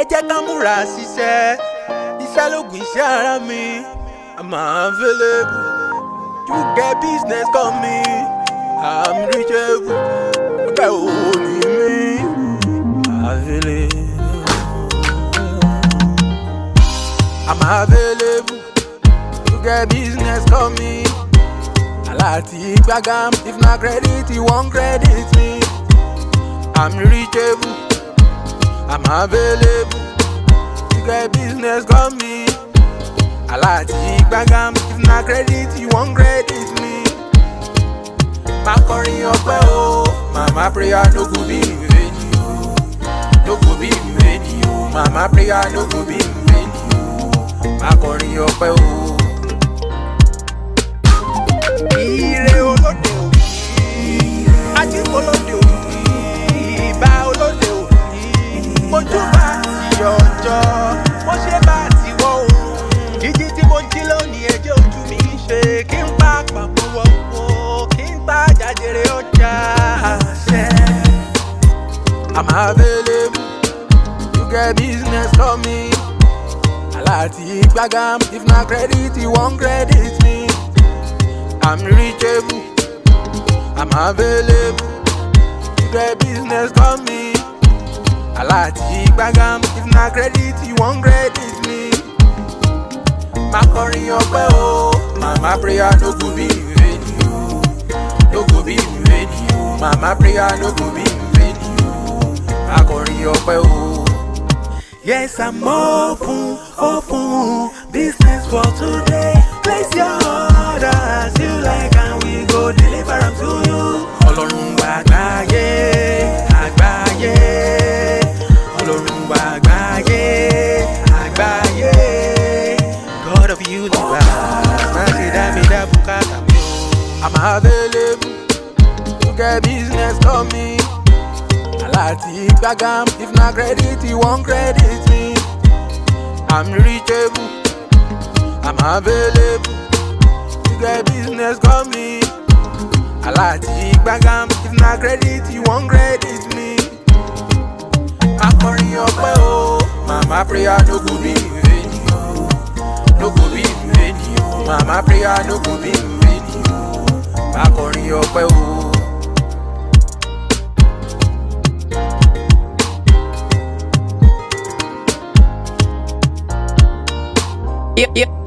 ẹ jẹ́ ká múra ṣiṣẹ́ iṣẹ́ lóògùn iṣẹ́ ara mi i'm available you get business coming i'm reachable ọ̀pẹ òwò ni mí available i'm available you get business coming aláàtì gbàgàm if na credit you wan credit me i'm reachable. I'm available. You got business, got me. I like to eat bagam. If not credit, you won't credit me. My curry up, oh. Mama prayer no go be in vain. No go be in vain. Mama prayer no go be in vain. jọ mo ṣe bá tiwọ́ oorun jíjí tí mo jí lónìí ẹjẹ́ ojú mi ṣe kí n pa àpapọ̀ wọ́pọ̀ kí n pa jàjèrè ọjà ṣẹ́ I'm available you get business coming aláàtì gbàgàm if na credit you wan credit me I'm reachable I'm available you get business me. Alaji Gbagam, if not credit, you won't credit me. Makọrin ọpẹ́ o, mama prayer no go be with you, no go be with you, mama prayer no go be with vain you, akọrin ọpẹ́ o. Yes, I'm open, open, business for today, place your for you to buy. Masi dami da bukata I'm available You get business coming. Alati bagam. if na credit you won't credit me. I'm reachable. I'm available You get business coming. Alati bagam. if na credit you won't credit me. I'm Akọrin ọpẹ́ o, oh. màmá prayer no go be. my prayer no go be in vain o.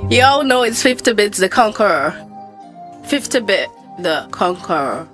Y'all know it's 50 Bits the Conqueror. 50 Bit the Conqueror.